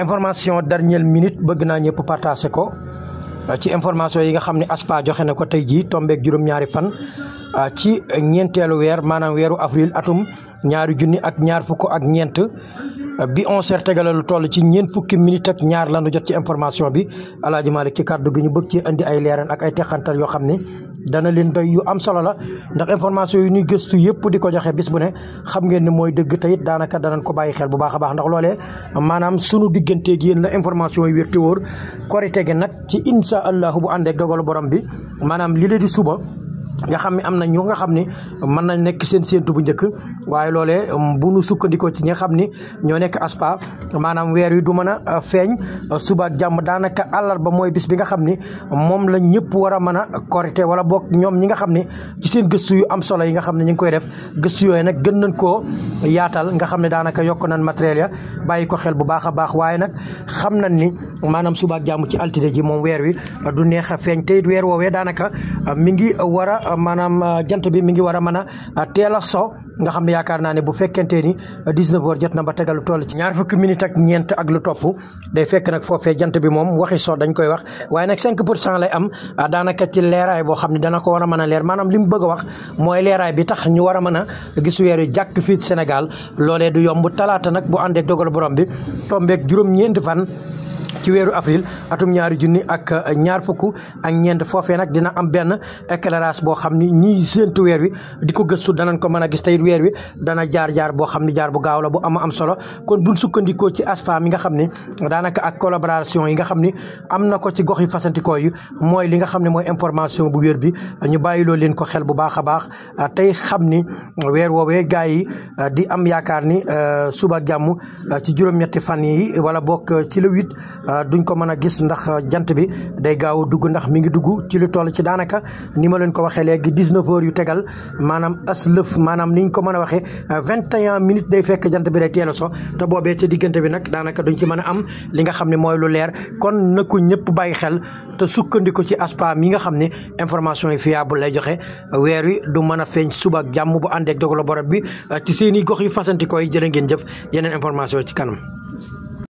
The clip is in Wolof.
information dernière minute bëgg naa ñëpp partagé ko ci information yi nga xam ne ASPA joxe na ko tey jii tombeek juróom-ñaari fan Ah, ci ñeenteelu weer maanaam weeru avril atum ñaari junni ak ñaar fukk ak ñeent ah, bi 11h tegale lu toll ci ñeent fukki minute ak ñaar lañu jot ci information bi alaaji Malick ci kàddu gi ñu bëgg ci indi ay leeral ak ay texantal yoo xam ni dana leen doy yu am solo la ndax information yi ñuy gëstu yëpp di ko joxe bis bu ne xam ngeen ne mooy dëgg te it daanaka danañ ko bàyyi xel bu baax a baax ndax loolee maanaam sunu digganteeg yéen na information yi wér te wóor nag ci incha allahu bu àndeek dogalu borom bi maanaam li leen di suba. nga xam ne am na ñoo nga xam ni mën nañ nekk seen séentu bu njëkk waaye loole um, bu nu sukkandikoo ci nga xam ni ñoo nekk aspa maanaam weer wi du mën a uh, feeñ uh, suba jàmm daanaka àllarba mooy bis bi nga xam ni moom la ñëpp war mën a korite wala boog ñoom ñi nga xam ni ci seen gëstu yu am solo yi nga xam ne ñu ngi koy def gëstu yooyu nag gën nañ koo yaatal nga xam ne daanaka yokk nañ matériel ya bàyyi ko xel bu a baax waaye xam nañ ni maanaam suba jàmm ci altine ji moom weer wi du neex a feeñ tey weer woowee daanaka uh, mi ngi war maanaam euh, jant bi mi ngi war a mën a euh, teel a so nga xam ne yaakaar naa ne bu fekkente ni 19 euh, heures jot na ba tegal toll ci ñaar fukki minutes ak ñeent ak lu topp day fekk nag foofee jant bi moom waxi so dañ koy wax waaye nag cinq pour cent lay am daanaka ci leeraay boo xam ne dana ko war a mën a leer maanaam li bëgga wax mooy leeraay bi tax ñu war a mën gis weer yu jàkk fii Sénégal loolee du yomb talaata nag bu àndeek dogal borom bi tombeek juróom-ñeenti fan ci weeru avril atum ñaari junni ak ñaar fukk ak ñeent foofee nag dina am benn éclairage boo xam ni ñiy séentu weer wi di ko gëstu danañ ko mën a gis tey weer wi dana jaar jaar boo xam ni jaar bu gaaw la bu am am solo kon buñ sukkandikoo ci ASPA mi nga xam ni daanaka ak collaboration yi nga xam ni am na ko ci gox yi fasantikoo yi mooy li nga xam ne mooy information bu wér bi ñu bàyyiloo leen ko xel bu baax a baax tey xam ni weer woowee gars yi di am yaakaar ni euh, suba jàmm ci juróom-ñetti fan yi wala bokk ci le huit Euh, duñ ko mën a gis ndax euh, jant bi day gaaw dugg ndax mi ngi dugg ci lu toll ci daanaka ni ma leen ko waxee léegi 19 heures yu tegal maanaam as lëf maanaam ni ñu ko mën a waxee euh, vingt 21 minutes day fekk jant bi day teel a so te boobee ca diggante bi nag daanaka duñ ci mën a am li nga xam ne mooy lu leer kon na ñëpp bàyyi xel te sukkandiku ci aspa mi nga xam ne information yi fiable lay joxe weer wi du mën a feeñ suba ak jàmm bu àndeek dogalu borom bi ci seen i gox yu fasantikoo yi jërë ngeen jëf yeneen information ci kanam